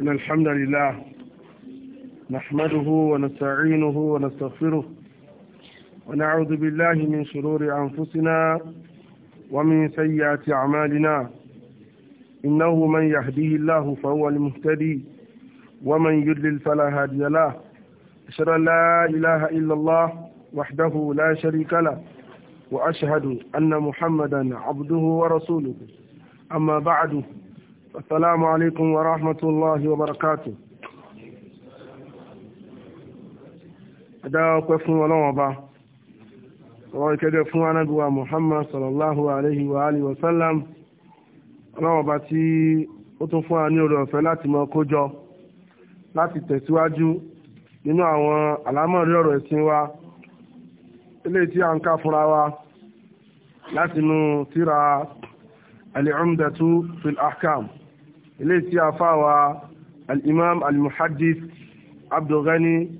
إن الحمد لله نحمده ونستعينه ونستغفره ونعوذ بالله من شرور أنفسنا ومن سيئات أعمالنا إنه من يهديه الله فهو المهتدي ومن يدلل فلا هادي له أشهد أن لا إله إلا الله وحده لا شريك له وأشهد أن محمدا عبده ورسوله أما بعد السلام عليكم ورحمة الله وبركاته أدعوك فون ولو أبا وكذا فون أنا محمد صلى الله عليه وآله وسلم ọlọ́run ọba tí ó tún fún wa ní ọ̀fẹ́ láti mọ kójọ láti tẹ̀síwájú nínú àwọn àlámọ̀rí ọ̀rọ̀ ẹ̀sìn wa eléyìí tí a ń kà fúnra wa látinú fil ilé tí a fáwa al'imam al-muhaddis abdulghani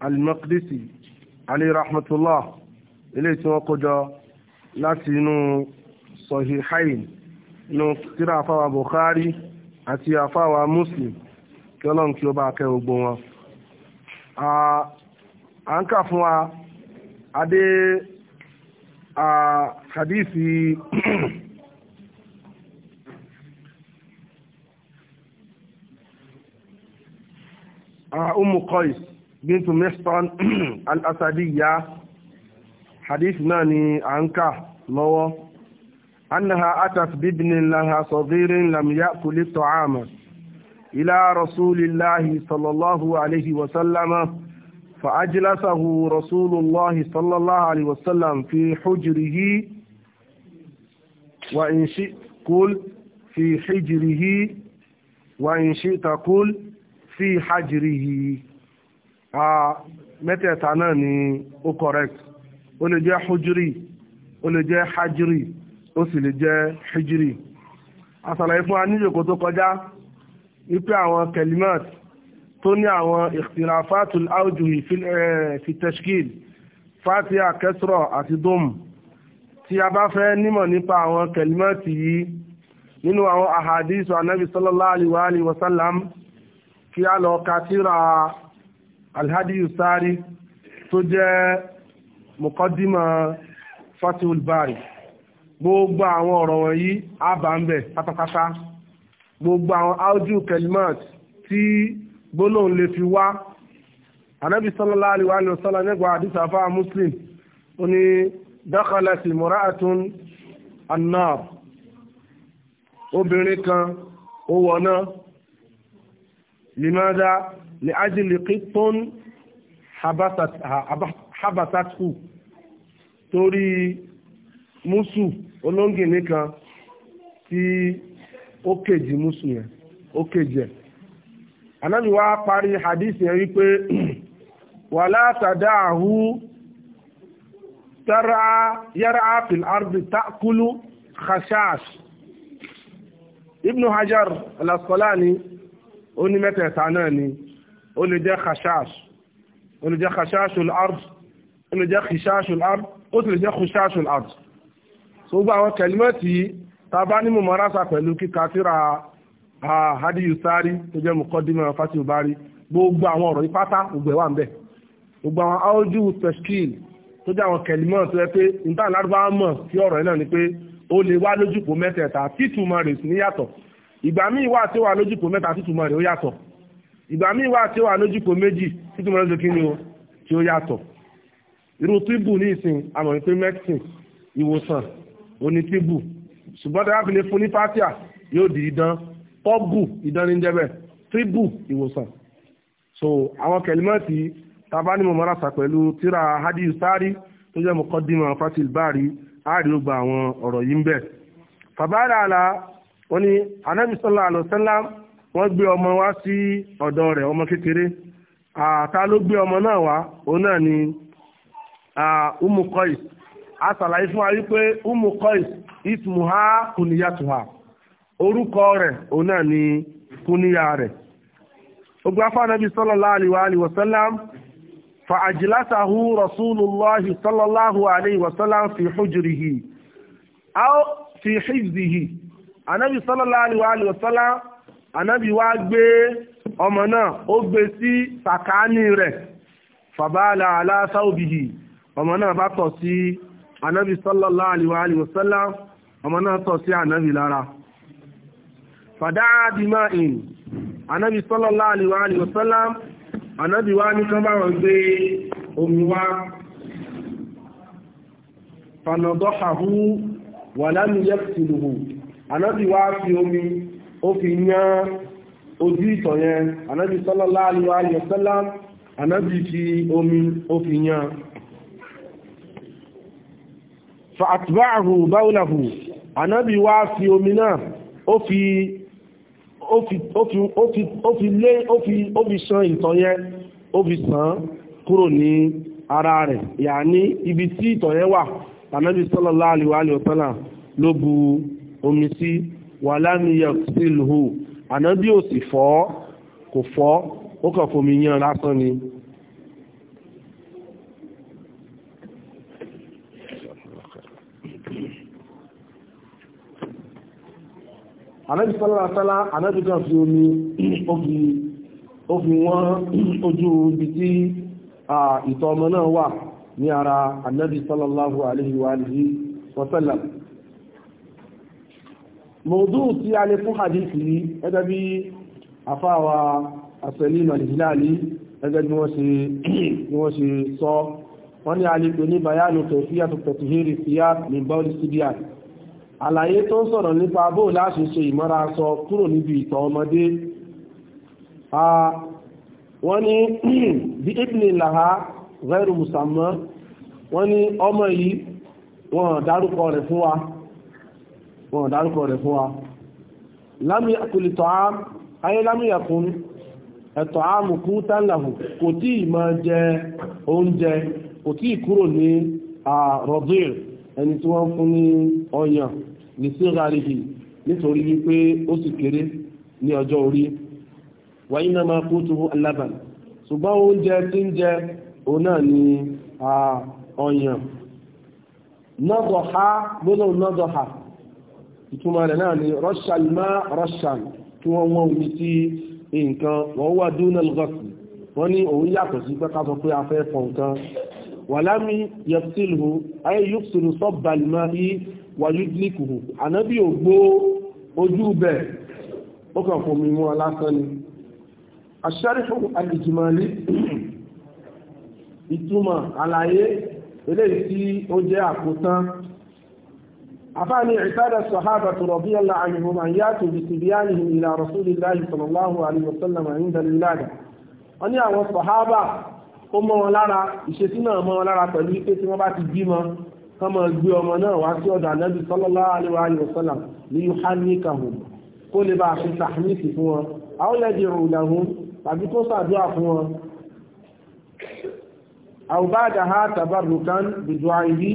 al-maqdisi alayhi rahmatullah ilé tí wọ́n kójọ láti inú sahihain inú tírà àfáwa bukhari àti àfáwa muslim kí ọlọ́run kí ó bá kẹ́ gbogbo wọn a ń kà fún wa adé hadithi أم قيس بنت محصن الأسدية حديث ناني عنك لو أنها أتت بابن لها صغير لم يأكل الطعام إلى رسول الله صلى الله عليه وسلم فأجلسه رسول الله صلى الله عليه وسلم في حجره وإن شئت قل في حجره وإن شئت قل fi hajirihi mẹ́tẹ̀ẹ̀ta náà ni ó correct ó lè jẹ́ hujiri ó lè jẹ́ hajiri ó sì lè jẹ́ hijiri àṣàlàyé fún wa níjòkó tó kọjá wípé àwọn kelimat tó ní àwọn ìkhtilafatul awjuhi fi tashkil fatiha kẹsìrọ̀ àti dómù tí a bá fẹ́ nímọ̀ nípa àwọn kelimat yìí nínú àwọn ahadith anabi sallallahu alaihi wa sallam kí a lọ ka tírà alhadiyu sari tó jẹ́ mọ̀kọ́dímà fatul bari gbogbo àwọn ọ̀rọ̀ wọ̀nyí a bá ń bẹ̀ pátápátá gbogbo àwọn audio kelimat tí gbólóhùn lè fi wá anábì sallallahu alaihi wa sallam nígbà àdìsá muslim ó ní dakhalat imra'atun annar obìnrin kan ó wọ̀ náà lèmọ́dá ní ajílì kìtọ́n habasatku torí musu olóńgì nìkan tí ó kejì musu yẹn ó kejì ẹ̀ anáni wá parí hadith yẹn wípé wà látàdá àhú yára ápìl ardi takulu khashash ibnu hajar al-Asqalani Oni ní mẹ́tẹ̀ẹ̀ta náà ni ó lè jẹ́ khashash ó lè jẹ́ khashashul ard ó lè jẹ́ khishashul ard ó sì lè jẹ́ khushashul ard so gbogbo àwọn kẹlímẹ́tì yìí ta bá ní mọ̀mọ́rásà pẹ̀lú kíka síra hadiyu sari tó jẹ́ mukọ́dímọ̀ fásitì bari gbogbo àwọn ọ̀rọ̀ ipátá gbogbo ẹ̀ wà ń bẹ̀ gbogbo àwọn áójú tẹ̀skìl tó jẹ́ àwọn kẹlímọ̀ tó yẹ pé níta lárúbáwá mọ̀ sí ọ̀rọ̀ náà ni pé ó lè wá lójúpọ̀ mẹ́tẹ̀ẹ̀ta títúmọ̀ rẹ̀ sí níyàtọ̀ ìgbà míì wà tí ó wà lójúpò mẹ́ta títúmọ̀ rẹ̀ ó yàtọ̀ ìgbà míì wà tí ó wà lójúpò méjì títúmọ̀ rẹ̀ kí ni o tí ó yàtọ̀ irú tíbù ní ìsìn àmọ̀ wípé mẹ́tìn ìwòsàn oní tíbù ṣùgbọ́n tí wọ́n fi lè fún ní fátíà yóò di idán tọ́bù idán ní jẹ́bẹ̀ tíbù ìwòsàn so àwọn kẹlímọ́ọ̀tì tabani mọ̀mọ́rasà pẹ̀lú tíra hadi sari tó jẹ́ mọ̀kọ́dínmọ̀ fatil bari àárí ó gba àwọn ọ̀rọ̀ yìí ń bẹ̀ fàbáàlà wọ́n ní anabi sallallahu wọ́n gbé ọmọ wá sí ọ̀dọ̀ rẹ̀ ọmọ kékeré àtà ló gbé ọmọ náà wá òun náà ni umu a ṣàlàyé fún wa wípé umu ismuha kuniyatuha orúkọ rẹ̀ òun náà ni kuniya rẹ̀ ogun afọ anabi sallallahu fa rasulullahi fi anábì sallallahu alaihi wasallam anábì wá gbé ọmọ náà ó gbé sí sàkáání rẹ̀ fàbáàlà aláṣáòbìhì ọmọ náà bá tọ̀ sí anábì sallallahu alaihi wasallam ọmọ náà tọ̀ sí anábì lára fàdáà bímá ìn anábì sallallahu alaihi wasallam anábì wá ní kán bá wọn gbé omi wá fanadọ́hàhú wà lámìyẹ́ tìlùhù ànábì wá fi omi ó fi yán ojú ìtọ̀ yẹn ànábì sallallahu alaihi wasallam ànábì fi omi ó fi yán fa'atba'ahu báwùláhù ànábì wá fi omi náà ó fi ó fi ó fi ó fi lé ó fi ó fi ṣan ìtọ̀ yẹn ó fi ṣàn kúrò ní ara rẹ̀ yà ní ibi tí ìtọ̀ yẹn wà ànábì sallallahu alaihi wasallam ló bu omi sí wàlámiyà sílùú ànábì ò sì fọ́ kò fọ́ ó kàn fomi yán lásán ni ànábì sálàtálá ànábì kan fi omi ó fi wọ́n ojú ibi tí ìtọ́ ọmọ náà wà ní ara ànábì sallallahu alaihi wa alihi wa sallam mọ̀dú tí a lè fún hadithi ní ẹgbẹ́ bí àfáwà àṣẹlìmọ̀ ìhìláàlì ẹgbẹ́ bí wọ́n ṣe sọ wọ́n ní a lè pè ní bayanu kẹfíyàtò pẹ̀tìhìrì fíyà ní bọ́ọ̀lì síbíà àlàyé tó sọ̀rọ̀ nípa bó láti ṣe ìmọ́ra sọ kúrò níbi ìtọ̀ ọmọdé wọ́n ní bí ìpínlẹ̀ làhá rẹ́rù musamman wọ́n ní ọmọ wọn dárúkọ rẹ̀ fún wa lámì àkùlìtọ̀ àmì ayé lámì ẹ̀kún ẹ̀tọ̀ àmì kú tánlàhù kò tí ì máa jẹ oúnjẹ kò tí ì kúrò ní àrọ̀dìr ẹni tí wọ́n fún ní ọyàn ní sígárìhì nítorí wípé ó sì kéré ní ọjọ́ orí wáyé náà máa kú tuhu alábàn ṣùgbọ́n oúnjẹ tí ń jẹ òun náà ni ọyàn nọ́dọ̀ha gbọ́dọ̀ nọ́dọ̀ha ìtumọ̀ rẹ̀ náà ni russian ma russian kí wọ́n wọ́n omi tí nǹkan wọ́n wà donald gosling wọ́n ní òun yàtọ̀ sí pé ká sọ pé a fẹ́ fọ nǹkan wàlámi yẹtìlù ayé yúkùsùn sọ́bàlìmá yí wàyúdìlìkùhù ànábì ògbó ojú bẹ̀ ó kàn fún mi wọn lásán ni aṣárífún alìjìmọ̀lì ìtumọ̀ àlàyé eléyìí tí ó jẹ́ àkótán àfáàní ìtàdà sọ̀hábà tó rọ̀bí ọlá àyìnbó máa yá tó bí síbi ánìhìn ìlà rọ̀súlì láì sọ̀lọ́láhù àlùmọ̀sọ́lọ̀mà ń dalí lága wọ́n ní àwọn sọ̀hábà ó mọ́ wọn lára ìṣesí náà mọ́ wọn lára pẹ̀lú pé tí wọ́n bá ti bímọ kán máa gbé ọmọ náà wá sí ọ̀dọ̀ ànábì sọ́lọ́láhù àlùmọ̀sọ́lọ̀mà ní yuhannikahum kó lè bá fi tàhmìsì fún wọn àwọn yẹ́ di ìrùlẹ̀hún tàbí tó sàdúrà fún wọn àwùbá àdáhà tàbárùkán bìdùn àìrí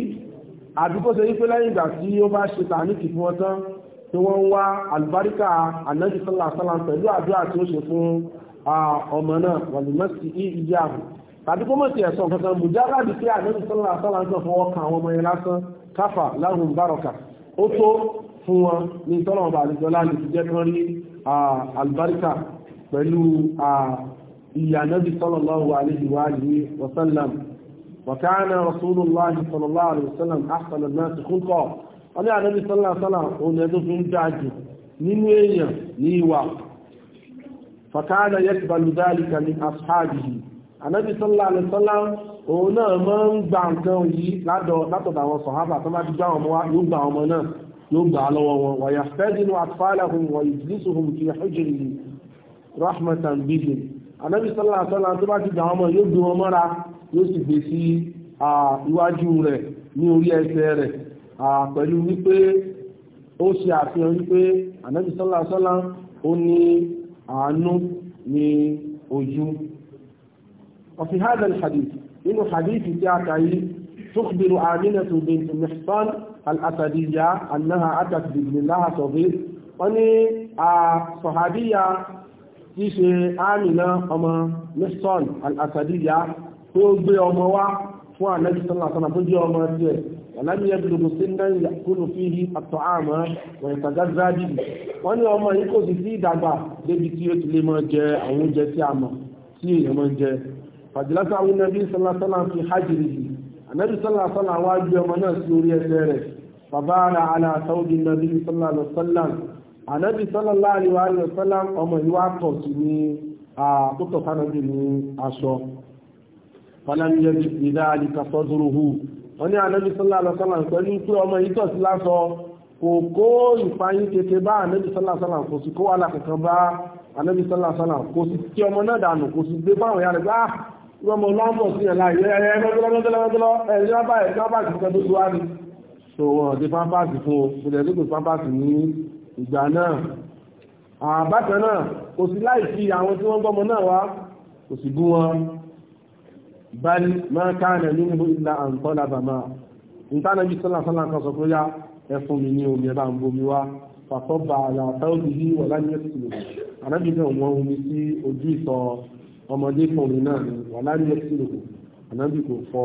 àbí kó ṣe wípé lẹ́yìn ìgbà tí ó bá ṣe tàníkì fún wọn tán tí wọ́n ń wá àlùbáríkà ànájì sọ́là sọ́là pẹ̀lú àdúrà tí ó ṣe fún ọmọ náà wàlúmọ́sí ìyá àbò tàbí kó mọ̀tì ẹ̀sọ́ kankan bùjáradì pé ànájì sọ́là sọ́là ń sàn fọwọ́ kan àwọn ọmọ yẹn lásán káfà láhùn bárọ̀kà ó tó fún wọn ní tọ́lọ̀ ọba àlejòlá lè fi jẹ́ kán rí àlùbáríkà pẹ̀lú ìyá ànájì sọ́là lọ́wọ́ àlejò وكان رسول الله صلى الله عليه وسلم أحسن الناس خلقا أنا النبي صلى الله عليه وسلم هنا دفن دعجي من وين نيوا فكان يقبل ذلك من أصحابه النبي صلى الله عليه وسلم هنا من بعثه لا دو لا تدع الصحابة كما تدع ما يبع منا يبع له ويحتضن أطفالهم ويجلسهم في حجره رحمة بهم النبي صلى الله عليه وسلم تبع تدع ما يبع منا yóò sì gbé sí iwájú rẹ̀ ní orí ẹsẹ̀ rẹ̀ pẹ̀lú wípé ó ṣe àfihàn wípé ànábì sọ́lá sọ́lá ó ní àánú ní ojú ọ̀fi hadha al-hadith nínú hadith tí a kà yìí تخبر آمنة بنت محصان الأسدية أنها أتت بابن لها صغير wọ́n ní sọ̀hàdíyà tí ṣe Àmìnà ọmọ Mihsan al tó gbé ọmọ wá fún ànábì sọ́nà àtọ́nà tó jẹ́ ọmọ tiẹ̀ ọ̀làmì yẹn gbogbo sí ń dẹ́yìn kúrò fi hí àtọ̀ àmọ́ wọ̀nyí tàgá záàdì wọ́n ní ọmọ yìí kò sì sí ìdàgbà débi tí ó ti lè máa jẹ àwọn oúnjẹ tí a mọ̀ tí èèyàn máa ń jẹ fàjìlásà àwọn nàbí sọ́nà sọ́nà ní aṣọ fọlọ́n yẹ ìdá àdìkà sọ́dúnrúhù wọ́n ní ànábì sọ́lá àlọ́sọ́lá pẹ̀lú pé ọmọ yìí tọ̀ sí lásọ kò kó ìfàyín kété bá ànábì sọ́lá sọ́lá kò sí kó wàhálà kankan bá ànábì sọ́lá sọ́lá kò sí tí ọmọ náà dànù kò sí gbé fáwọn yàrá gbá ìwọ́n mọ̀ lọ́mọ̀ sí ẹ̀ láì ẹ̀ ẹ̀ lọ́dọ́lọ́dọ́lọ́dọ́lọ́ ẹ̀ ní wọ́n báyìí wọ́n báyìí kọ́ tó wá ní so wọ́n ti pampasì fún o ìpìlẹ̀ lókè pampasì ní ìgbà náà àbákan náà kò sí láì fi àwọn tí wọ́n gbọ́mọ náà wá kò sì bú wọn bal ma kana minhu illa an talaba ma ìtànà bí sọ́lá sọ́lá kan sọ pé yá ẹfún mi ní omi ẹ̀bá ń bomi wá pàtó bá àlàáfẹ́ òbí yìí wà láyé sílẹ̀ ànábìsẹ̀ wọn omi sí ojú ìtọ̀ ọmọdékùnrin náà ni wà láyé sílẹ̀ ànábì kò fọ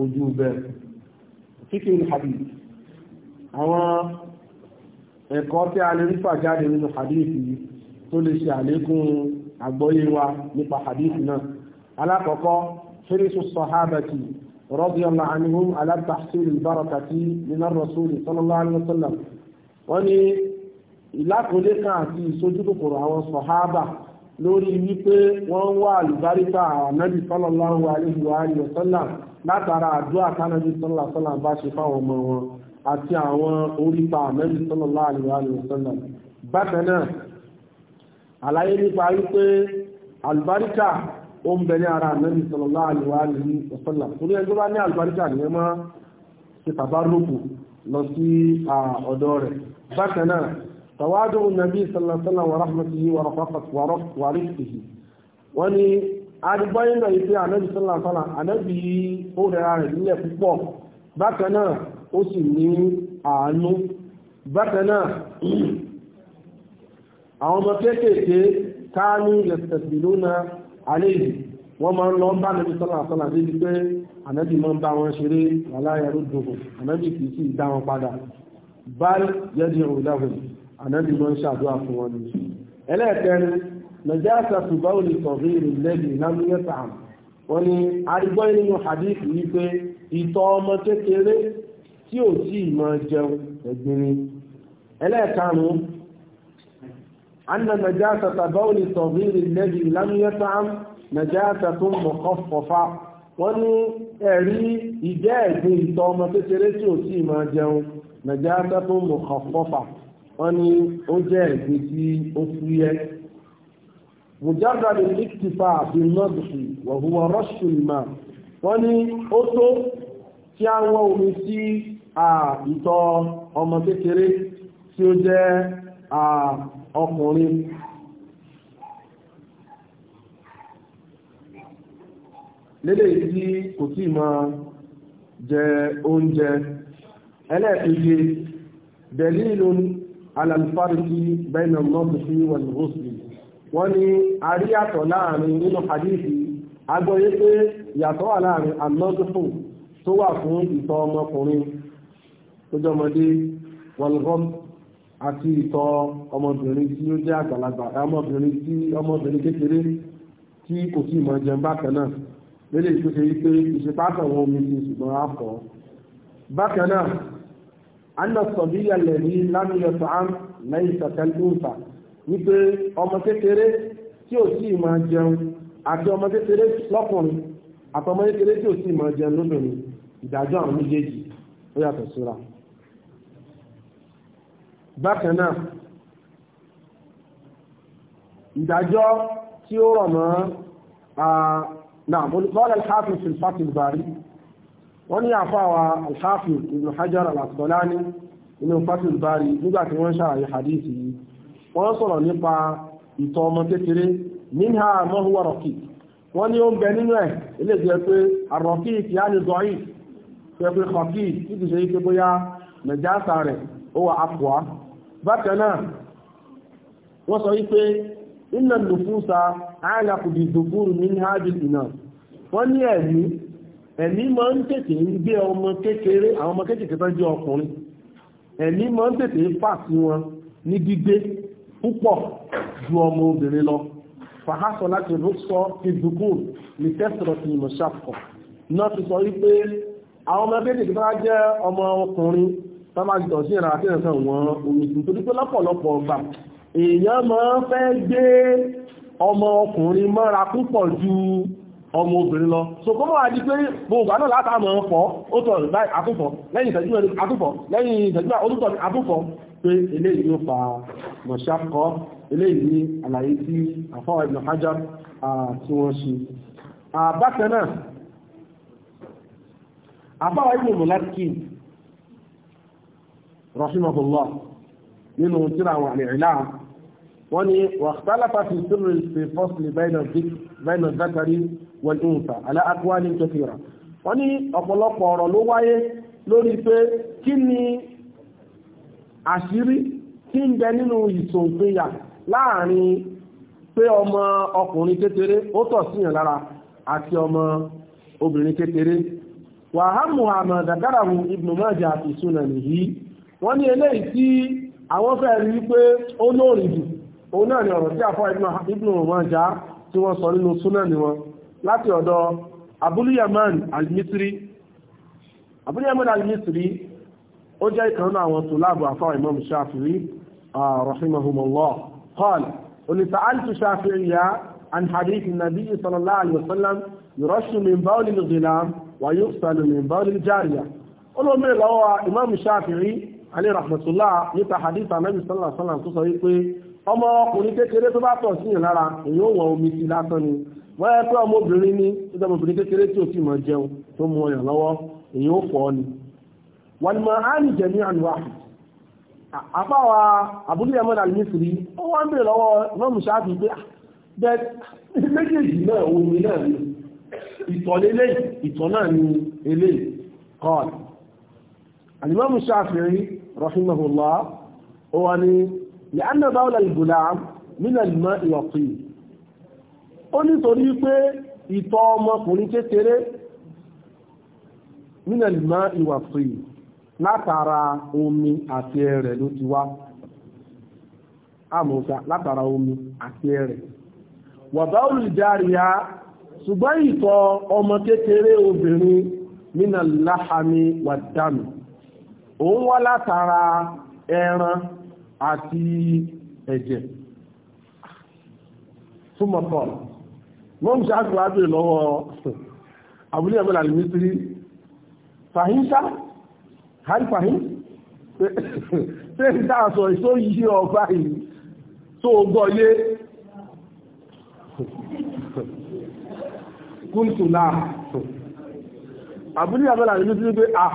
ojú bẹ́ẹ̀ kíkì ní hadith àwọn ẹ̀kọ́ tí a lè rí fàjáde nínú hadith yìí tó lè ṣe àlékún àgbọ́yé wa nípa hadith náà alákọ̀ọ́kọ́ حرص الصحابة رضي الله عنهم على تحصيل البركة من الرسول صلى الله عليه وسلم وني ìlákòólé kan àti ìsojúkòkòrò àwọn sọ̀hábà lórí wípé wọ́n wà àlùbáríkà ànábì sallallahu alaihi wa alihi wa sallam látara àdúrà kánábì sallallahu alaihi wa sallam bá ṣe fáwọn ọmọ wọn àti àwọn orípa ànábì sallallahu alaihi wa alihi wa sallam bákan náà àlàyé nípa wípé àlùbáríkà ó ń bẹ ní ara ànábì sallallahu alaihi wa sallam torí ẹni tó bá ní àlùbáríkà nìyẹn máa ṣe tàbárùkù lọ sí ọ̀dọ̀ rẹ̀ bákan náà tàwádùn nàbí sallallahu alaihi wa sallam wa rahmatihi wa rafatihi wọ́n ní adigbọ́yìn náà yìí pé ànábì sallallahu alaihi wa sallam ànábì ó àléèdì wọ́n máa ń lọ bá ànábì sọ́lá sọ́lá débi pé ànábì máa ń bá wọn ṣeré aláyàrú dòkò ànábì kìí sì dá wọn padà báyìí jẹ́dí òdáhùn ànábì máa ń ṣàdúrà fún wọn ni ẹlẹ́ẹ̀kẹrin nàìjíríà ṣùgbọ́n ò lè sọ̀rọ̀ ìrìn lámúyẹ́ta wọn ni arígbọ́ nínú hadith yìí pé ìtọ̀ ọmọ kékeré tí ò tí máa jẹun ẹ̀gbin ẹlẹ́ẹ̀karùn-ún أن نجاسة بول الصغير الذي لم يطعم نجاسة مخففة wọ́n ní ẹ̀rí ìjẹ́ ẹ̀gbin ìtọ̀ ọmọ kékeré tí ò sì máa jẹun nàìjíríà tó mọ̀ kọ̀fọ́fà wọ́n ní ó jẹ́ ẹ̀gbin tí ó fúyẹ́. mùjáde ìkìfà àbínọ́dùsì wọ̀húwọ̀ rọ́ṣùlùmá wọ́n ní ó tó kí a wọ́n omi sí ìtọ̀ ọmọ kékeré tí ó jẹ́ ọkùnrin lédè tí kò tí máa jẹ oúnjẹ ẹlẹ́ẹ̀kejì dẹ̀lílù alàlùfáàrùkì bẹ́ẹ̀nà mọ́sùsí wọ̀lùhùsì wọ́n ní a rí yàtọ̀ láàrin nínú hadithi agbóyé pé yàtọ̀ wà láàrin alọ́dúnfò tó wà fún ìtọ̀ ọmọkùnrin tó jọmọdé wọ̀lùhùsì àti ìtọ̀ ọmọbìnrin tí ó jẹ́ àgbàlagbà ọmọbìnrin tí ọmọbìnrin kékeré tí kò sí ìmọ̀ jẹun bákan náà lélẹ̀ tó ṣe wípé ìṣepákan wọn omi ti ṣùgbọ́n á fọ́ bákan náà anna sọ̀bíyà lẹ̀rí lámìlẹ̀ sàn lẹ́yìn sàkẹ́lúùfà wípé ọmọ kékeré tí ò sí ìmọ̀ jẹun àti ọmọ kékeré lọ́kùnrin àtọmọ kékeré tí ò sí ìmọ̀ jẹun lóbìnrin ìdájọ́ àwọn méjèèjì ó yàtọ̀ síra bákan náà ìdájọ́ tí ó rọ̀ mọ́ náà olùkọ́lẹ̀ alhafiz bari wọ́n ní àfáwà alhafiz ibn hajar al-asqalani inú fatil bari nígbàtí wọ́n ṣàlàyé hadith yìí wọ́n sọ̀rọ̀ nípa ìtọ̀ ọmọ kékeré minha ma huwa raqiq wọ́n ní ó ń bẹ nínú ẹ̀ ilé jẹ́ pé ar-raqiq bákan náà wọ́n sọ wípé iná lùfúnsa alákùbí dùkúrù ní hábìtì náà wọ́n ní ẹ̀mí ẹ̀mí máa ń tètè ń gbé ọmọ kékeré àwọn ọmọ kékeré tó jẹ́ ọkùnrin ẹ̀mí ma ń tètè fà wọn ní gbígbé púpọ̀ ju ọmọ obìnrin lọ fàhásọ láti rúkṣọ ti dùkúrù ní tẹ́sọ̀rọ̀ ti mọ̀ṣàkọ̀ náà ti sọ wípé àwọn ọmọ kékeré tọ́bá jùtọ̀ sí ìrìn àti ìrìnkan wọn omisun torí pé lọ́pọ̀lọpọ̀ ọgbà èèyàn máa ń fẹ́ gbé ọmọ ọkùnrin mọ́ra púpọ̀ ju ọmọ obìnrin lọ so kó mọ́ àdí pé gbogbo náà látàmọ́ fọ́ ó tọ̀ báyìí àtúfọ̀ lẹ́yìn ìtẹ́jú ẹni àtúfọ̀ lẹ́yìn ìtẹ́jú olùtọ̀ àtúfọ̀ pé eléyìí ló fa mọ̀ṣákọ́ eléyìí ní àlàyé tí àfọwọ́ Ibn Hajar tí wọ́n ṣe bákan náà àfọwọ́ Ibn Mulakin rahimahullah nínú tíra àwọn àlèrílà wọ́n ni wàhtálàfà fi sírì fi fọ́sìlì bẹ́ẹ̀nà zakari wal unsa ala aqwali kathira wọ́n ni ọ̀pọ̀lọpọ̀ ọ̀rọ̀ ló wáyé lórí pé kí ni ń bẹ nínú ìsòǹpinya láàrin pé ọmọ ọkùnrin kékeré ó tọ̀ síyàn lára àti ọmọ obìnrin kékeré wàhámù àmọ̀ nìyí wọ́n ní eléyìí tí àwọn fẹ́ rí pé ó lóòrì jù òun náà ni ọ̀rọ̀ tí àfọ́ ibnu Májà tí wọ́n sọ nínú súnà ni wọn láti ọ̀dọ̀ Abul Yaman al-Misri Abul Yaman al-Misri ó jẹ́ ìkan náà àwọn tùlábù àfọ́ Imam Shafi'i rahimahumullah qala oni sa'altu Shafi'iyya an hadith an-nabi sallallahu alaihi wasallam yurashu min bawli al alẹ́ rahmatullah nípa hadith anabi sallallahu alaihi wasallam tó sọ wípé ọmọ ọkùnrin kékeré tó bá tọ̀ síyàn lára èyàn wọ omi sí lásán ni wọ́n yẹ pé ọmọbìnrin ní tó jẹ́ ọmọbìnrin kékeré tí ò tí mọ̀ jẹun tó mú ọyàn lọ́wọ́ èyàn ó fọ́ ni wọ́n mọ̀ á ní jẹ̀mí ànúwà àfáwà الإمام الشافعي رحمه الله هو لأن بول الغلام من الماء والطين ó nítorí pé ìtọ̀ ọmọkùnrin kékeré من الماء والطين látara omi àti ẹ̀rẹ̀ ló ti wá àmọ́sá látara omi àti ẹ̀rẹ̀ wa baul jariya ṣùgbọ́n ìtọ̀ ọmọ kékeré obìnrin من اللحم والدم òun wá látara ẹran àti ẹ̀jẹ̀ súnmọ̀tọ̀ wọ́n ṣe àgbàgbè lọ́wọ́ àbúlé ẹ̀mọ́lá lèmítírì fàhíṣá hàí fàhí pé ìdáàsọ ìṣó yìí ọba yìí tó gbọ́ yé kúntù náà àbúlé ẹ̀mọ́lá lèmítírì pé ah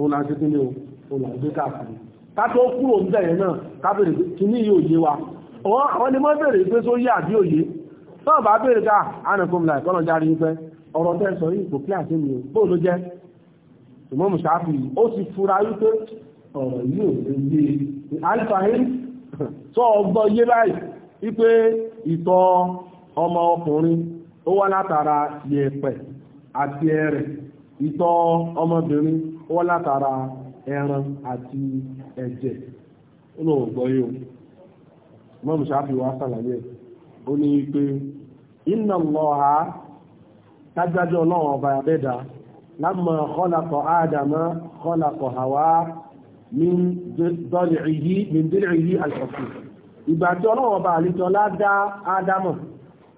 tó náà sí kílé olùgbékà fún ká tó kúrò ń bẹ̀rẹ̀ náà ká bèèrè kí ní yóò yé wa àwọn ni mọ́ bèèrè pé tó ah, yé àbí òye náà bá bèèrè ká ánàkùn ó wá látara yẹ̀pẹ̀ àti ẹ̀rẹ̀ ìtọ̀ ọmọbìnrin ó wá látara ẹran àti ẹ̀jẹ̀ ó lọ gbọ́ yìí o mọ́mù sáfì wá sàlàyé ó ní pé iná lọ ha tájájọ́ ọlọ́run ọba abẹ́dà lámọ̀ kọ́lákọ̀ ádámọ́ kọ́lákọ̀ hàwá min dọ́rìí alṣọ̀fì ìgbà tí ọlọ́run ọba àlítọ́lá dá ádámọ̀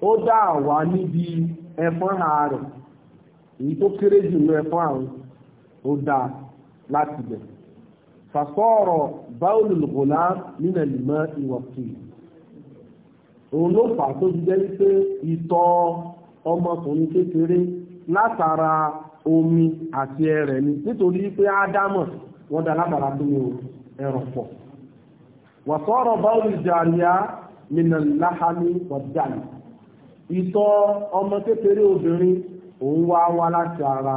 ó dá àwa níbi ẹ̀fọ́n ààrẹ̀ èyí tó kéré jù lọ ẹ̀fọ́n ààrùn ó dáa láti bẹ̀. fàṣọ́ọ̀rọ̀ báwọlù lùgbòlá nínú ìmọ̀ ìwọ̀sí òun ló fà tó fi jẹ́ wípé ìtọ̀ ọmọkùnrin kékeré látara omi àti ẹrẹ̀ ni nítorí pé ádámọ̀ wọ́n dá látara tó ní ẹ̀rọ̀ pọ̀ wàṣọ́ọ̀rọ̀ báwọlù jàríà nínú láhámi ọ̀dàlì ìtọ̀ ọmọ kékeré obìnrin òun wá wá láti ara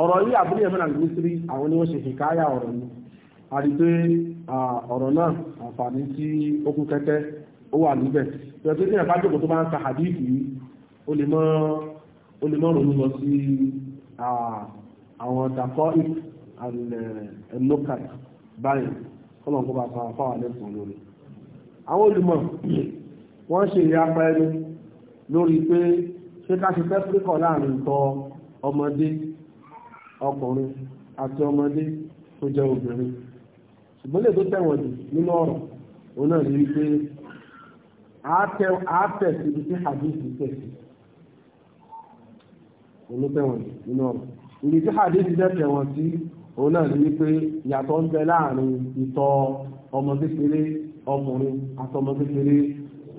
ọ̀rọ̀ yìí àbúlé ẹ̀mẹ́ra mísírí àwọn ni wọ́n ṣe fìkáyà ọ̀rọ̀ ni a rí pé ọ̀rọ̀ náà àǹfààní tí ó kún kẹ́kẹ́ ó wà níbẹ̀ ìjọ tó ní ẹ̀bá jòkó tó máa ń ka hadithi yìí ó lè mọ́ ronú lọ sí àwọn dàkọ́ ẹ̀lọ́kàt báyìí kọ́lọ̀n kó bá fa wọ́n ṣe ìyapa ẹni lórí pé ṣé ká ṣe láàrin tọ ọmọdé ọkùnrin àti ọmọdé tó jẹ́ obìnrin ṣùgbọ́n lè tó tẹ̀wọ̀n jù nínú ọ̀rọ̀ òun náà rí pé àátẹ̀ síbi tí hadith tẹ̀ sí òun ló tẹ̀wọ̀n jù nínú ọ̀rọ̀ ibi tí hadith tẹ̀ tẹ̀wọ̀n sí òun náà rí pé ìyàtọ̀ ń bẹ láàrin ìtọ̀ ọmọ kékeré ọkùnrin àtọmọ kékeré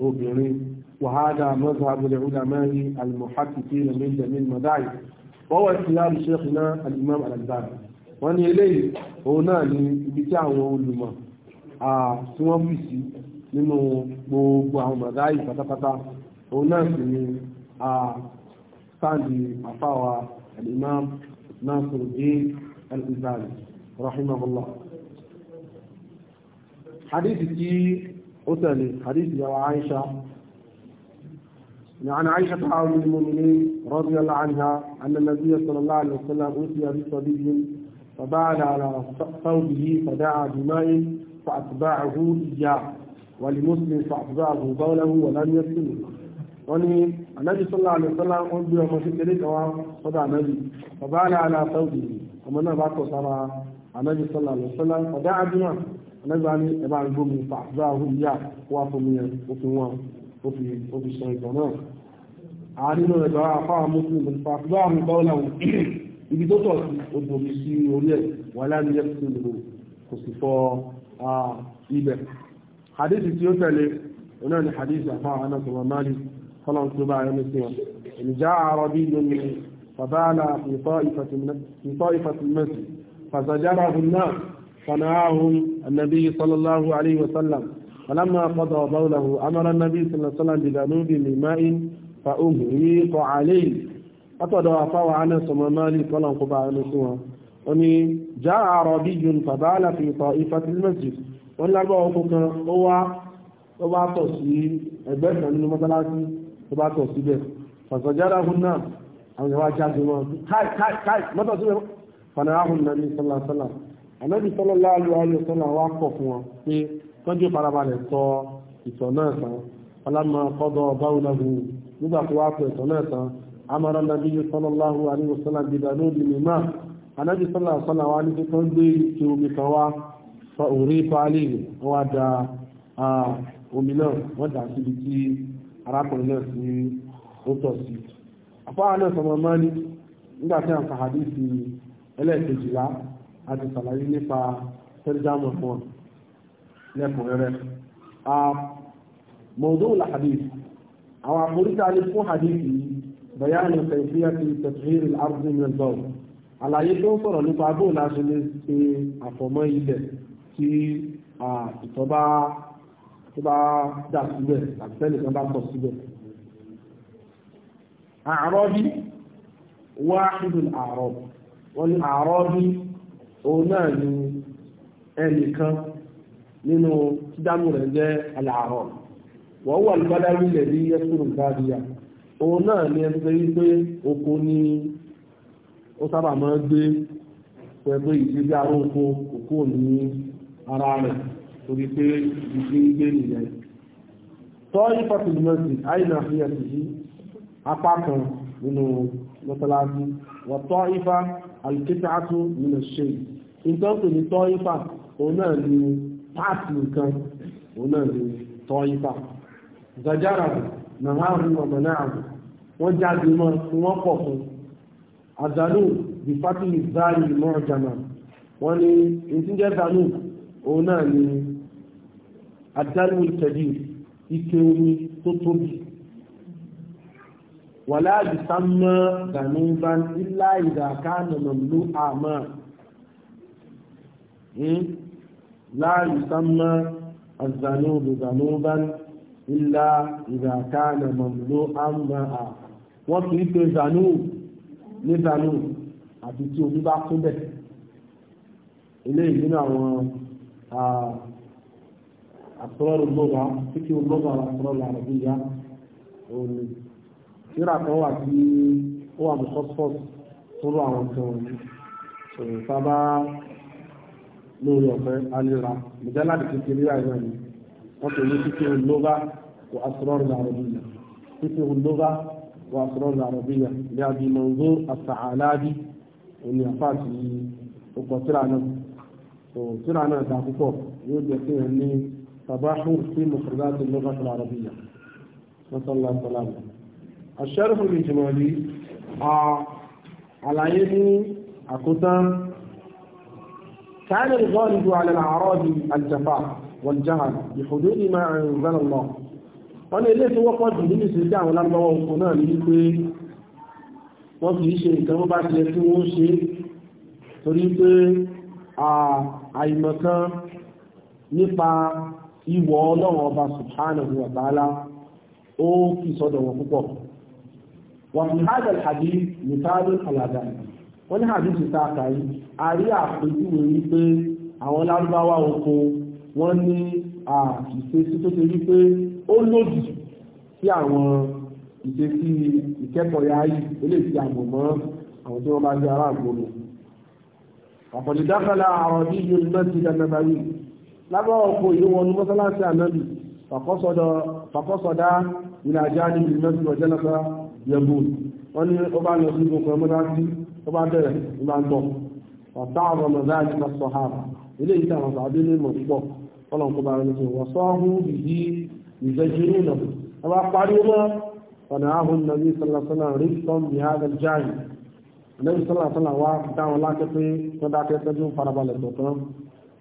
obìnrin wàhálà mọ́sàbùlẹ̀ ọ̀dàmẹ́rin mẹ́rin mọ̀dáyìí wọ́n wà sí láàrín ṣẹ́ẹ̀kì náà alimam alàgbàrà wọ́n ní eléyìí òun náà ni ibi tí àwọn olùmọ̀ tí wọ́n wí sí nínú gbogbo àwọn màdáyì pátápátá òun náà sì ni sáàdì àfáwà alimam Nasiruddin al-Albani rahimahullah hadithi tí ó tẹ̀lé hadithi yàwó Aisha عن عائشة عون المؤمنين رضي الله عنها أن النبي صلى الله عليه وسلم أوتي بصبي فبعد على ثوبه فدعا بماء فأتباعه إياه ولمسلم فأتباعه بوله ولم يسلم وني النبي صلى الله عليه وسلم قل بي وما شكري كوا فدعا النبي فبعد على ثوبه ومن بعد صلى النبي صلى الله عليه وسلم فدعا بماء النبي عليه الصلاة والسلام فأتباعه إياه وفميه وفميه ó fi sọ ìtàn náà àánínú rẹ̀ bá fáwọn mùsùlùmí fàfúgbà àwọn ìgbà ọ̀la wọn ibi tó tọ̀ sí odò omi sí orí ẹ̀ wà láàrin yẹ́ sí ìlú kò sì fọ ibẹ̀ hadith tí ó tẹ̀lé onáà ni hadith àfa àwọn ọmọ mali kọ́lọ́n tó bá yẹn sí wọn ìjà àárọ̀ bí yomi fàbáàlà ìfọ́ ìfàtìmẹ́sì fàzàjára hùn náà fànáà annabi sallallahu alaihi wasallam فلما قضى بوله أمر النبي صلى الله عليه وسلم بذنوب لماء فأغريق عليه أتدى فوى عن ثم مالك ولن قبع نسوها وني جاء عربي فبال في طائفة المسجد وني أربع وقوك هو هو توسي البيت من المدلاتي هو توسي به فسجره الناس أو جواء جاز هاي هاي هاي ما توسي فنعاه النبي صلى الله عليه وسلم النبي صلى الله عليه وسلم وقفوا tọ́jú farabalẹ̀ sọ ìtọ̀ náà tán ọlámọ kọ́dọ̀ báwo náà hù nígbà tó wá pẹ̀ ìtọ̀ náà tán amara nàbí sallallahu alaihi wasallam bìdà lórí mímá anábì sallallahu alaihi wasallam wa ní tó ń gbé ti omi kan wá fa òrí paálí wọn wá da omi náà wọn dà síbi tí arákùnrin náà sí ó tọ̀ sí lẹ́kùnrẹ́rẹ́ mọ̀dó làhàdìsì àwọn àforíta ní fún hadithi bayanu kaifiya ti tafhir al-ardi min al-bawl àlàyé tó ń sọ̀rọ̀ nípa bó láti lè ṣe àfọ̀mọ́ ilẹ̀ tí ìtọ́bá tó bá dà síbẹ̀ àti nínú sídámù rẹ̀ jẹ́ àlàárọ̀ wọ́n wà lùbádárí lẹ̀ ní yẹ́sùrù káàdìyà òun náà ni ẹni pé wípé oko ni ó sábà máa ń gbé pẹ̀lú ìṣẹ́bí ará oko òkú ní ara rẹ̀ torí pé ìṣẹ́ gbé nìyẹn tọ́ ìfọ̀tìmọ̀sì àìnà fi ẹ̀sìn sí apá kan nínú mọ́sálásí wọ́n tọ́ ifá alìkítàtù nínú ṣe ìtọ́sùn ní tọ́ ifá òun náà ni páàtì nǹkan òun náà ni tọ́ ipa zajara nàhárù ọ̀mọ̀nà àbò wọ́n jáde mọ́ tí wọ́n pọ̀ fún àdánù bífátì ìzáàrí mọ́ ọ̀jàmà wọ́n ní ìtíjẹ́ dánù òun náà ni àdánù ìtẹ̀dí ike omi tó tóbi wà láàbì sámọ́ dánù bá nílá ìdàkánà lọ́mọ́ àmọ́ hmm? لا يسمى الذنوب ذنوبا إلا إذا كان مملوءا ماء wọ́n kì í pe zanúù ní zanúù àti tí omi bá kún bẹ̀ eléyìí nínú àwọn àtọ́rọ̀ lọ́gbà tí kí wọ́n àtọ́rọ̀ làrẹ̀ bí ya òní síra kan wà tí ó wà mọ́sọ́sọ́ tó rọ àwọn kan wọ̀nyí sábà lórí ọ̀fẹ́ alera mùjálà ti kékeré àìrán ni wọ́n tó ní títí olóba wà asọ́rọ̀ làrọ̀bíyà títí olóba wà asọ́rọ̀ làrọ̀bíyà ní abi manzo asàlábí òní àfà àti ọkọ̀ tíra náà tó tíra náà dà púpọ̀ yóò jẹ́ sí ẹ̀ ní tabaxu sí mùsùlùmí lóba làrọ̀bíyà sọ́sọ́lá sọ́lámù. àṣẹ́rù fún mi jùmọ̀ ní àlàyé ní àkótán كان الغالب على الأعراب الجفاء والجهل بحدود ما أنزل الله wọ́n ilé tí wọ́pọ̀ jù nínú sí sí àwọn lágbàwọ́ òkun náà ní pé wọ́n fi ṣe nǹkan wọ́n bá ti ẹ̀kú wọ́n ṣe torí pé àìmọ̀kan nípa ìwọ̀ ọlọ́run ọba subhanahu wa ta'ala ó kì sọ́dọ̀ wọn púpọ̀ wọ́n fi hajjal hadith nìtàdún aladani wọ́n ní àdúgbò tá a kà yìí a rí àpèjúwe wípé àwọn lárúbáwá oko wọ́n ní ìṣesí tó ṣe wípé ó lòdì sí àwọn ìṣesí ìkẹ́kọ̀ọ́ ya yìí eléyìí ti àgbò mọ́ àwọn tí wọ́n bá jẹ́ ará àgbòrò àpọ̀lẹ̀dákàlà àwọn ìdíje mẹ́sì dandabarí lábáwọ̀ kò yí wọnú mọ́sálásí ànábì fàkọ́sọ̀dá ìlàjá ní ìlú mẹ́sì ọjọ́ lọ́sà yẹ̀bù wọ́n ní ó bá lọ sí gbogbo ọmọdásí tó bá bẹ̀rẹ̀ ìgbà ń tọ́ ọ̀tá ọ̀rọ̀ mọ̀dá àti pásítọ̀ hàrà ilé ìta àwọn àbí ní mọ̀ púpọ̀ ọlọ́run tó bá rẹ̀ lóṣù wọ́n sọ ọ́hún ìdí ìjẹ́jìrì nà ẹ bá parí mọ́ ọ̀nà ahùn nàbí sàlàsàlà rí tọ́m bí i hàgà jáì nàbí sàlàsàlà wá dáwọn láti pé tó dákẹ́ tẹ́jú farabalẹ̀ tọ̀tán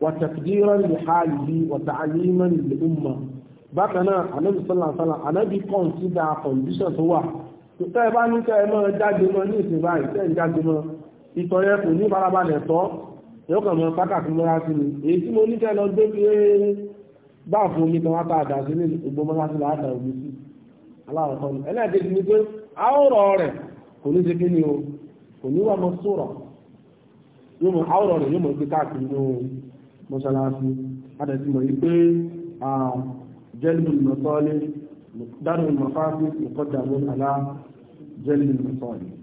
wà lè ha yìí wà tàlímàn lè umma bákan náà ànábì sàlàsàlà ànábì kọ́ńsídà kọ̀ǹdíṣàn tó wà tẹ́ ẹ bá ní kẹ́ ẹ mọ́ jáde mọ́ ní ìsìn báyìí tẹ́ ẹ jáde mọ́ ìtọ̀ yẹn kò ní farabalẹ̀ tọ́ yóò kàn mọ́ pákàkì mọ́ra sí mi èyí tí mo ní kẹ́ lọ gbé pé bá fún omi kan wá tá a dà sí ní ìgbọ́mọ́lá ni pé àwòrán ni o kò ní wà mọ́ sọ̀rọ̀ yóò mọ àwòrán rẹ̀ yóò mọ gbé káàkiri ní mọ́ṣáláṣí دار المفاسد يقدم على جل المصالح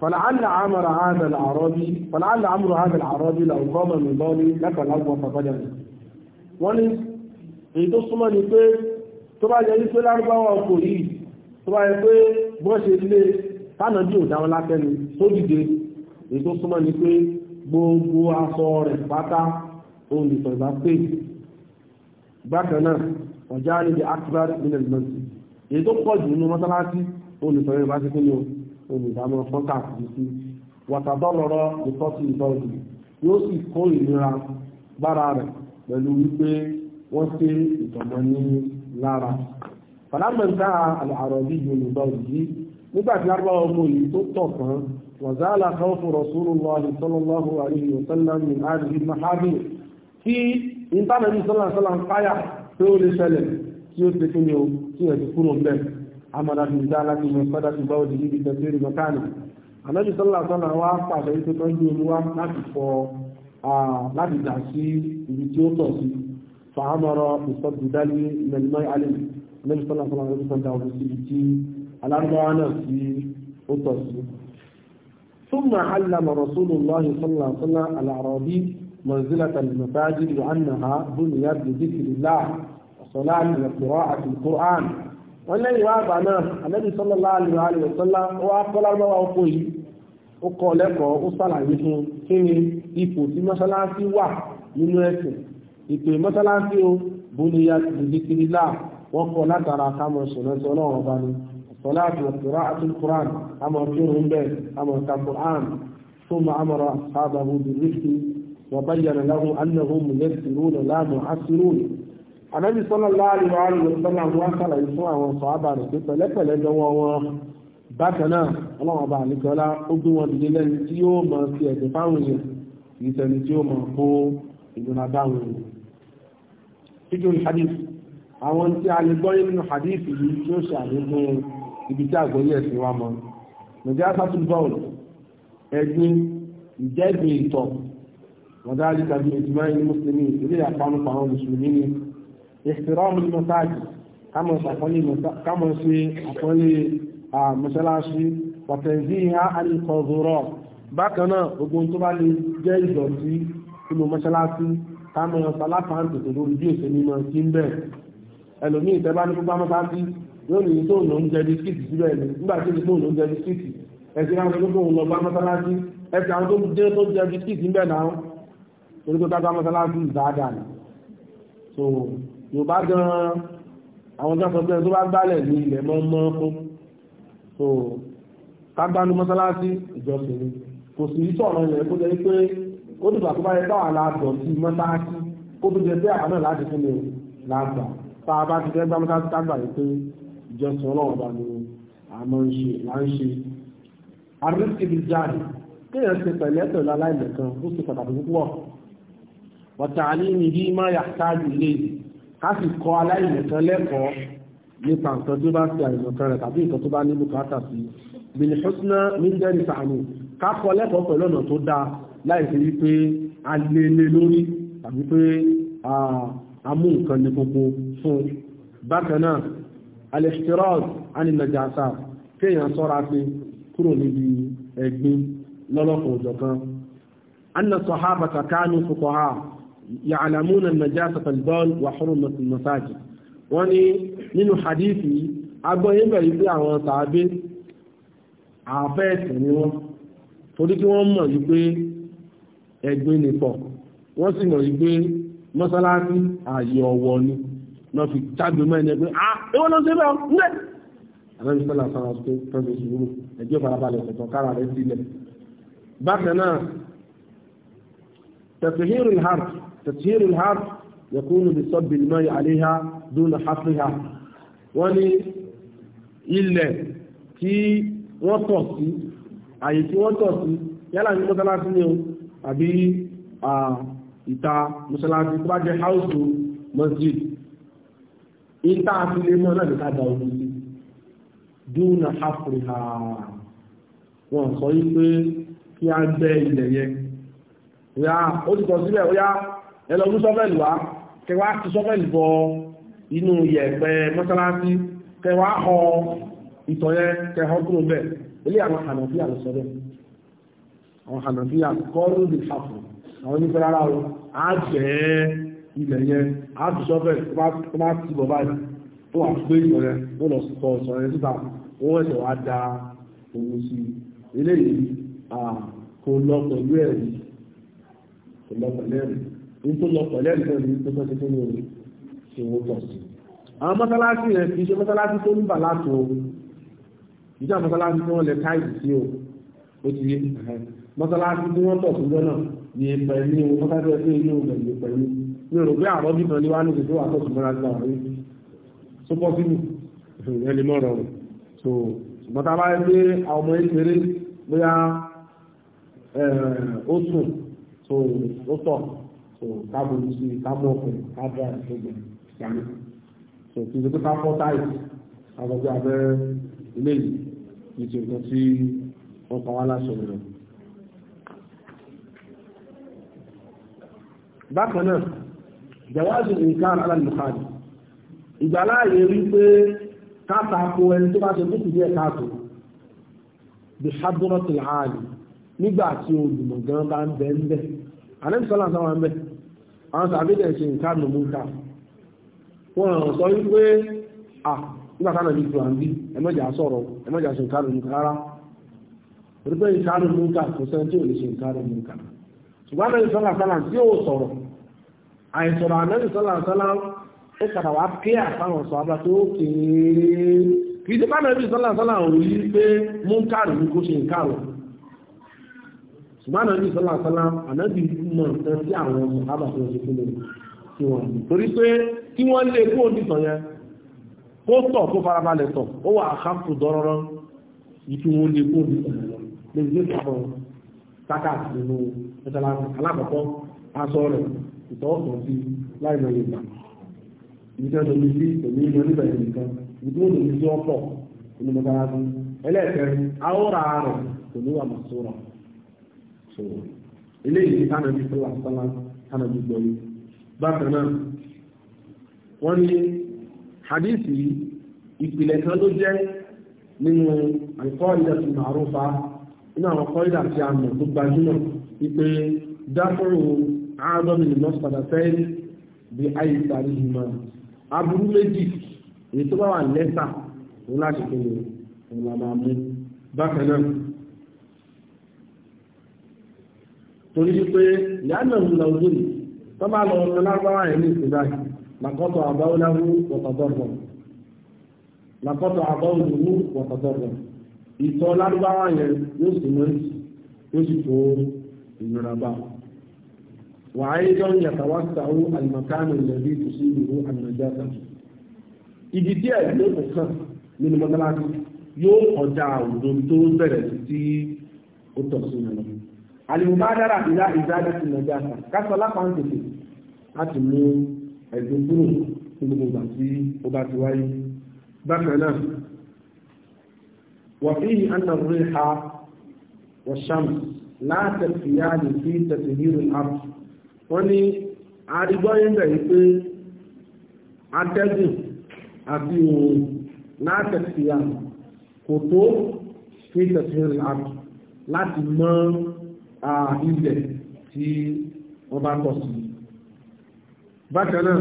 فلعل عمر هذا الأعرابي فلعل عمر هذا الأعرابي لو قام من بالي لك الأول فبدل ولي إذا سمع نقول تبا جاي في الأربعة وكوري تبا يقول بوش اللي كان جود أو لكن كان سودي èyí tó súnmọ́ ni pé gbogbo aṣọ rẹ̀ pátá òun lè sọ ìgbà pé bákan náà ọjà níbi akbar nílẹ̀ lọ́sí èyí tó pọ̀ jù nínú mọ́sálásí òun lè sọ ìgbà sí kí ni òun lè dáná fọ́n káàkiri sí wàtàdọ́lọ́rọ́ ìtọ́sí ìtọ́jú yóò sì kó ìnira bára rẹ̀ pẹ̀lú wípé wọ́n ṣe ìtọ̀mọ́ ní lára. fàlámẹ́ntà àlọ́ àrọ̀bí yorùbá nígbàtí lárúbáwá ọmọ yìí tó tọ̀ kan wàzálà kan fún rasulullahi sallallahu alaihi wa sallam min àdìrí mahabi tí ìntánẹ̀tì sallallahu alaihi wa sallam páyà pé ó lè ṣẹlẹ̀ tí ó ti kí ni o tí ẹ̀ ti alágbáwá náà sí ó sí. ثم علم رسول الله صلى الله عليه وسلم الأعرابي منزلة المساجد وأنها بنيت لذكر الله وصلاة وقراءة القرآن wọ́n lẹ́yìn wá àgbà náà alẹ́bí sọ́lọ́lá àlùmọ́ àlùmọ́sọ́lá ó wá kọ́lá lọ́wọ́ ọkọ̀ yìí ó kọ́ lẹ́kọ̀ọ́ ó sàlàyé fún kí ni ipò tí mọ́sálásí wà nínú ẹ̀sìn ìpè mọ́sálásí o bóníyà tìlìkìlì là wọ́n kọ́ látara kámọ̀ ṣùnà tí ọlọ́run ọba صلاة وقراءة القرآن أمر فيهم به أمر كقرآن ثم أمر أصحابه بالرفق وبين له أنهم ميسرون لا معسرون النبي صلى الله عليه وآله وسلم وصل يسوع وصحابة رسول لك لجوا بكنا الله أبا عليك ولا أدوا بليلة يوم في أدفاوه يتن يوم هو ابن أداوه تجو الحديث àwọn tí a lè gbọ́ nínú hadith yìí tí ó ibi tí àgbọ́yé ẹ̀sìn wa mọ́ nàìjíríà sátún bọ́ọ̀lù ẹgbẹ́ ìjẹ́gbẹ́ ìtọ̀ mọ̀dáàlì tàbí ìjìmá ilé mùsùlùmí ilé àpamọ́pọ̀ àwọn mùsùlùmí ni ìfìrọ́mù mọ́sáàjì kámọ̀ sí àpọ́lé mọ́sálásí pọ̀tẹ̀sí ha alìkọ̀ọ̀rọ̀ bákan náà ogun tó bá lè jẹ́ ìdọ̀tí nínú mọ́sálásí kámọ̀ sálápàá ń tètè lórí bí òṣèlú mọ́ sí ń bẹ̀ ẹlòmíì tẹ́ bá ní yóò ní tó ló ń jẹ bisikíìtì síbẹ̀ ni nígbà tí ní tó ló ń jẹ bisikíìtì ẹ̀sìn àwọn tó lóun lọ bá mọ́sálásí ẹ̀sìn àwọn tó dé tó jẹ bisikíìtì ń bẹ̀ náà torí tó dábàá mọ́sálásí dáadáa ni so yorùbá gan àwọn tó sọ pé tó bá gbálẹ̀ ní ilẹ̀ mọ́ mọ́ fún so kágbánú mọ́sálásí ìjọsìn ni kò sì í sọ̀rọ̀ yẹn kó jẹ́ pé ó dìgbà tó bá yẹ káwọn aláàbọ̀ sí mọ́sálásí kó tó jẹ pé àwọn náà láti fún mi lágbà tá a bá ti fẹ́ gbá mọ́sálásí tágbà yìí pé ìjọsìn ọlọ́wọ́ bá ní àmọ́ ń ṣe là ń ṣe àrísí ibi jáde kéèyàn ṣe pẹ̀lẹ́ pẹ̀lú aláìlẹ̀kan ó ni bí má yà sáájú ilé ká sì kọ́ aláìlẹ̀kan lẹ́kọ̀ọ́ nípa nǹkan tó bá ṣe àìmọ̀kan rẹ̀ tàbí nǹkan tó bá ní bùkátà sí bìnnì ṣọ́sínà ní jẹ́rìí sàánù ká kọ́ lẹ́kọ̀ọ́ pẹ̀lú ọ̀nà tó dáa láì fi wípé a lé lé lórí tàbí pé a mú nǹkan ní gbogbo fún bákan al-ihtiraz anil-najasat kéèyàn sọ́ra pé kúrò níbi ẹ̀gbin lọ́lọ́kùn òjọ̀kan anna sahabata kanu fuqaha ya'lamuna an-najasat al-bawl wa hurumat al-masajid wọ́n ní nínú hadithi agbọ́yé bẹ̀rẹ̀ pé àwọn tàbí àfẹ́ẹ̀sì ni ni lọ fi jágbe mọ́ ẹni ẹgbẹ́ ah ewé ló ń ṣe bẹ́ẹ̀ ń bẹ́ẹ̀. àbẹ́bí sọ́lá sára sọ pé pẹ́ẹ́sì sùúrù ẹjọ́ farabalẹ̀ ọ̀tọ̀ kára rẹ̀ sílẹ̀. bákan náà tẹ̀síhìrì hàr tẹ̀síhìrì hàr yẹkùnú bí sọ́bì mọ́ àléhà dúnà hàfíhà wọ́n ní ilẹ̀ tí wọ́n tọ̀ sí àyè tí wọ́n tọ̀ sí yálà ní mọ́sálásí ni o àbí ìta mọ́sálásí tó bá jẹ́ house to ìta àfilé mọ́ náà nìta da omi sí dúnà áfíríkà wọn sọ yí pé kí a ń bẹ ilẹ̀ yẹn ya ó ti tọ̀ sílẹ̀ ó yá ẹlọ́gbú sọ́fẹ̀lì wá kẹwàá ti sọ́fẹ̀lì bọ inú yẹ̀pẹ̀ mọ́sálásí kẹwàá họ ìtọ̀ yẹn kẹhọ́ kúrò bẹ̀ ilé àwọn hànàfíà lọ sọ bẹ́ẹ̀ àwọn hànàfíà kọ́rù dì fàfù àwọn onífẹ́ rárá o á jẹ́ ilẹ̀ yẹn á ti sọ́fẹ̀ tó bá ti bọ̀ báyìí tó wà gbé ìwọ̀n rẹ̀ ó lọ sọ sọ̀rọ̀ yẹn síta wọ́n ẹ̀sẹ̀ wá da òun sí eléyìí kò lọ pẹ̀lú ẹ̀rí kò lọ pẹ̀lú ẹ̀rí ní tó lọ pẹ̀lú ẹ̀rí náà ní tó tọ́ ní orí tí wọ́n tọ̀ sí. àwọn mọ́sálásí rẹ̀ kì í ṣe mọ́sálásí tó ń bà látò o ìjà mọ́sálásí tí wọ́n lẹ káyìí sí o ó ti yé mọ́sálásí tí wọ́n tọ̀ sí lọ́nà ní pẹ̀lú mọ́sálásí tí wọ́n tọ̀ sí lọ́nà mi rò pé àrọ́ bí kan ní wá níbi tó wà tó ṣùgbọ́n láti àwọn yìí tó pọ̀ sí ẹ lè mọ́ so ṣùgbọ́n tá a bá rí pé àwọn ọmọ ìṣeré bóyá ó sùn so ó tọ̀ so káàbùrù sí káàbùrù ọkùnrin káàbùrù àìsàn ìgbàlẹ̀ so kì í ṣe pé ká fọ́ táì àgbàgbé abẹ́ ilé yìí kì í jẹ̀wáàzù nìkan ara nìkanì ìgbàláàyè rí pé káàkó ẹni tó bá ṣe kúkú díẹ̀ káàkó bí ṣàbúrọ̀ tí láàyè nígbà tí olùmọ̀ gan bá ń bẹ ń bẹ àlẹ́sọ́lá sáwọn ń bẹ àwọn sàbílẹ̀ ṣe nǹkan nùmú ká wọn sọ wípé à nígbà táwọn ní ìtura ń bí ẹmọ́jà sọ̀rọ̀ tí ó sọ̀rọ̀ àìsọ̀rọ̀ ànábì sọ́lá sọ́lá ó padà wá pé àfáwọn sọ abá tó kéré kì í sí pánàbì sọ́lá sọ́lá ò rí pé mú káàrù ní kó ṣe káàrù ṣùgbọ́n ànábì sọ́lá sọ́lá ànábì mọ̀ nǹkan sí àwọn ọmọ ìtọ́wọ́sọ̀ sí láì lọ yorùbá ìjọ domi sí tèmi ìlú oníbẹ̀ nìkan ìdúró domi sí ọ̀pọ̀ inú mo so eléyìí tánà bí sọlá sọlá tánà bí gbọ́yé bákan náà wọ́n ní hadithi ìpìlẹ̀ kan ló jẹ́ nínú àìkọ́ìdà tó màrúfa nínú àwọn kọ́ìdà tí a mọ̀ tó gbajúmọ̀ wípé dákùrù àádọ́mì lọ́sọ̀dà sẹ́yìn bí ayé sáré ìmọ̀ aburú méjì èyí tó bá wà lẹ́sà òun láti fi lè òun la máa mú bákan náà torí wípé ìyáàmì ọ̀hún la ojú rẹ̀ tó bá lọ ọmọ lágbára ẹ̀ ní ìsìnká làkọ́tọ̀ àbáwọláwú wọ̀tọ̀dọ̀rọ̀ làkọ́tọ̀ àbáwọlówú wọ̀tọ̀dọ̀rọ̀ ìtọ́ lágbára yẹn yóò sì mọ́ yóò sì tó ìnira báwọn. وأيضا يتوسع المكان الذي تصيبه النجاسة ibi tí ẹ̀gbẹ́ kò kàn nínú mọ́tàláṣí yóò kọjá òdo tó bẹ̀rẹ̀ sí tí ó tọ̀ sí ìrìnà lọ. àlùmọ́dára ìlà ìdájọ́ ti nàjà àṣà kásọ̀ lápá ń tètè láti mú ẹ̀gbẹ́ kúrò ní gbogbo ìgbà tí ó bá ti wáyé. bákan náà wà fi àná rí ha wà ṣàmù láti fi yáàdì sí tẹ̀síhìrì àpò wọ́n ní àrígbọ́yé ń bẹ̀ yí pé atẹ́gùn àti òun látẹ̀sí à kò tó fi tẹ̀sí àmì láti mọ ilẹ̀ tí wọ́n bá tọ̀ sí. bákan náà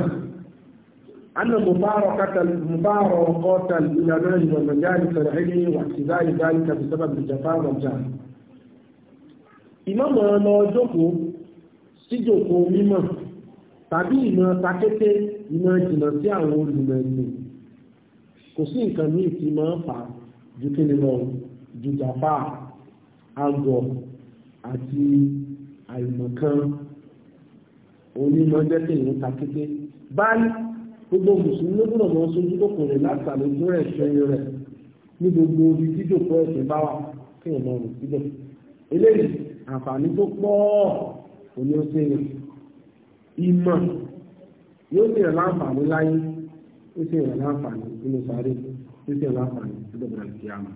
أن مباركة المباركة الإيمان والمجالس العلم واحتذاء ذلك بسبب الجفاء والجهل. ìmọ̀mọ̀ ọ̀nà ọjọ́kùú síjòkó mímọ̀ tàbí ìmọ̀ takété ìmọ̀ jìnà sí àwọn olùmọ̀ ẹ̀sìn kò sí nǹkan míì tí máa ń fà ju kí ni lọ ju jàpá àgọ̀ àti àìmọ̀kan onímọ̀ jẹ́ kí ìrún takété báyìí gbogbo mùsùlùmí ló gbọ́dọ̀ mọ́ sójú kòkòrò látàlẹ́ fún ẹ̀ṣẹ̀ rẹ̀ ní gbogbo orí jíjòkó ẹ̀sìn bá wà kí ìmọ̀ rò síbẹ̀ eléyìí àǹfààní tó pọ̀ òní ó sèyàn ìmọ̀ yóò sèyàn láǹfààní láyé ó sèyàn láǹfààní nínú sáré ó sèyàn láǹfààní lọ́jọ́ ìgbà ìkíyàmù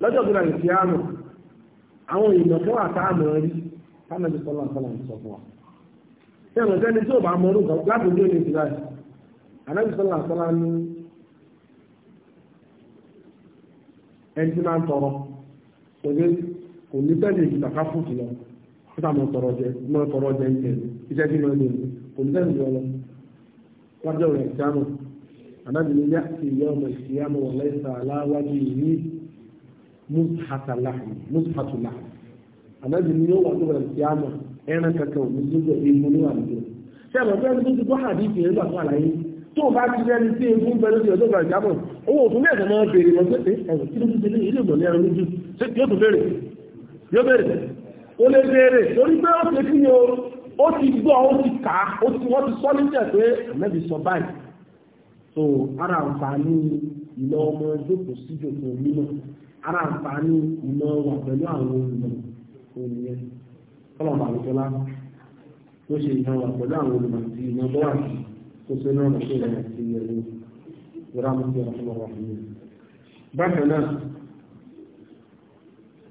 lọ́jọ́ ìgbà ìkíyàmù àwọn èèyàn fún àtàmọ̀ rí tánàbí sọ́lá sọ́lá ń sọ fún wa tí àwọn ọ̀sẹ́ni tí ò bá mọ orúkọ láti ojú ìlú ìsìlá yìí ànábì sọ́lá sọ́lá ní ẹni tí máa ń tọrọ kò ní sẹ́ni ìgbà ká fún ìlọ́wọ́ kótà mọ tọrọ jẹ mọ tọrọ jẹ ń tẹ̀lé iṣẹ́ kí lọ́ọ́ lè kò ní sẹ́yìn lọ́ọ́ lọ wájú ọ̀rọ̀ ìṣàmù àdájú ni yàtì ìyá ọmọ ìṣìyàmù wọlé ìṣàlá wájú ìní mùsùlùmí àdájú ni yóò wájú ọ̀rọ̀ ìṣìyàmù ẹran kankan òní gbogbo èèmù ní àdúgbò ṣé àmọ́ fẹ́ẹ́ ní gbogbo àdí ìfìyà nígbà tó àlàyé tó bá ti rẹ́ni tí ewu ń sí ọjọ́ ìgbà ìjábọ owó òfin mẹ́ẹ̀kan máa béèrè wọn pé ẹ̀rọ kí ló ti ṣe ilé ìgbọ̀nlẹ́ ẹran lójú ṣé yóò tún béèrè yóò béèrè ó lè béèrè lórí pé ó ṣe kí ni o ó ti gbọ́ ó ti kà á ó ti wọ́n ti sọ níjẹ̀ pé ànábì sọ báyìí so ara àǹfààní ìlọ ọmọ jókòó sí jókòó mímọ́ ara àǹfààní ìmọ̀ wà pẹ̀lú àwọn olùmọ̀ ònìyẹn kọlọ̀mọ̀ àlùfẹ́lá ló ṣe ìtàn wà pẹ̀lú àwọn olùmọ̀ àti ìmọ̀ bọ́ àti tó ṣe náà lọ́sẹ̀ rẹ̀ àti ìyẹ̀wò ìrámọ́sí ọ̀ṣọ́lọ̀ wà fún mi. bákan náà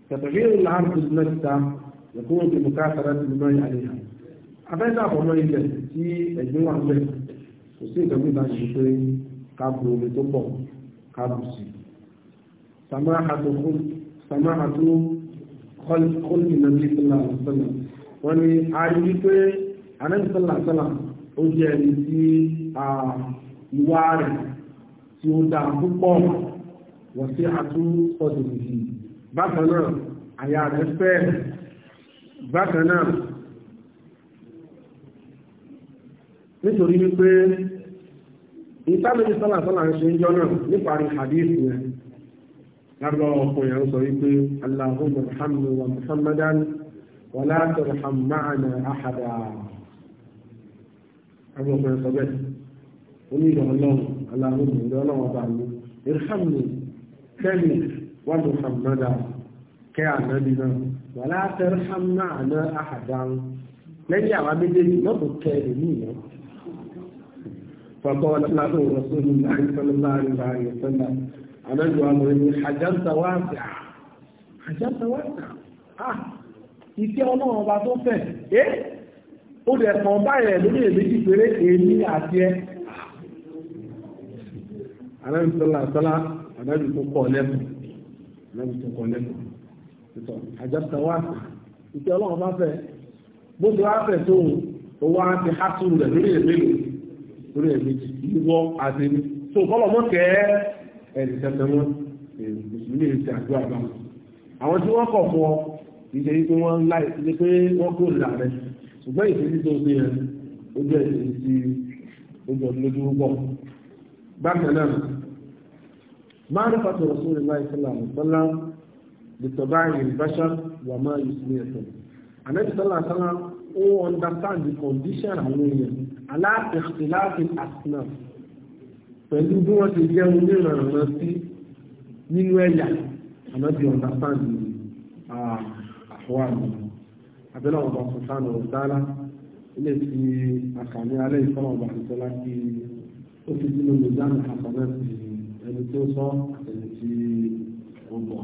tẹ̀tẹ̀fẹ́ ìlà àrùn mẹ́ta ìkúrò tí mo ká sára ti lọ àríyá afẹ́dà ọmọ ilẹ̀ tí ẹ̀gbìn wà bẹ̀ kò sí ìtọ́jú ìdájú pé ká bu omi tó pọ̀ ká bù sí samahatu kọ́lì nàbí sọ́là sọ́là wọ́n ní a rí wípé anábì sọ́là sọ́là ó jẹ́ ẹni tí ìwà rẹ̀ tí ó dáa púpọ̀ wọ́n sí àtúntò tòbí bákan náà àyà rẹ̀ fẹ́ẹ̀ bákan náà nítorí wípé ìtàlẹ́bí sọ́làsọ́là ń ṣe ń jọ náà níparí hadith yẹn lábọ́ ọkùnrin yẹn sọ wípé Allahumma irhamni wa Muhammadan wa la tarham ma'ana ahada ọkùnrin sọ bẹ́ẹ̀ onídọ̀ ọlọ́run Allahumma ìdọ̀ wa Muhammadan kẹ́ ànábì náà wàlá tẹrẹhàm náà ná àhàdáhùn lẹ́yìn àwọn méjèèjì lọ́pọ̀ kẹ èmi yẹn. Fọ́kọ́ ọlọ́pàá òun ọ̀sán ní àìsàn láàrin láàrin ọ̀sán náà. Àlejò àwọn ẹni àjàǹtà wá sí à. Àjàǹtà wá sí à. Ìfẹ́ ọlọ́run ọba tó fẹ̀. Ẹ́ ó dẹ̀ kàn báyẹ̀ lórí èméjì péré èmi àti ẹ. Àlejò sọ́lá sọ́lá tó kọ̀ lẹ́kùn. Àlejò tó kọ̀ lẹ́kùn ìtọ̀ àjọsọ wá sí ìtẹ́ ọlọ́run bá fẹ́ bó ti wá fẹ́ tó owó á ti há tó rẹ̀ lórí èmi lórí èmi ìwọ àti èmi tó kọ́lọ̀ mọ́ kẹ́ ẹ̀rì tẹ̀tẹ̀ wọn mùsùlùmí ti àjọ àgbà àwọn tí wọ́n kọ̀ fún ọ ìṣe yìí pé wọ́n ń láì sí pé wọ́n kó ìlà rẹ̀ ṣùgbọ́n ìṣèlú tó ṣe yẹn ó jẹ́ ìṣèlú tí ó jọ lójú púpọ̀ bákan náà máa ń fàtọ̀rọ̀ sórí láì sílẹ̀ àmọ́ bìtọ̀bá ìrìnbáṣà wà máa yìí sí ẹ̀sọ̀ ànábì sọ́lá sọ́lá ó understand the condition àwọn ala aláàtì ìtìláàtì àtìnà pẹ̀lú bí wọ́n ti jẹ́ omi ìrànràn sí nínú ẹ̀yà ànábì understand àfọwà mi abẹ́lẹ̀ ọ̀bà sọ̀tàn ọ̀sára ilé ti àkàní alẹ́ ìfọ́nà ọ̀bà sọ̀tàn láti ó fi sínú mizan àfọ̀nà ti ẹni tó sọ àtẹ̀lẹ̀ tí ó bọ̀.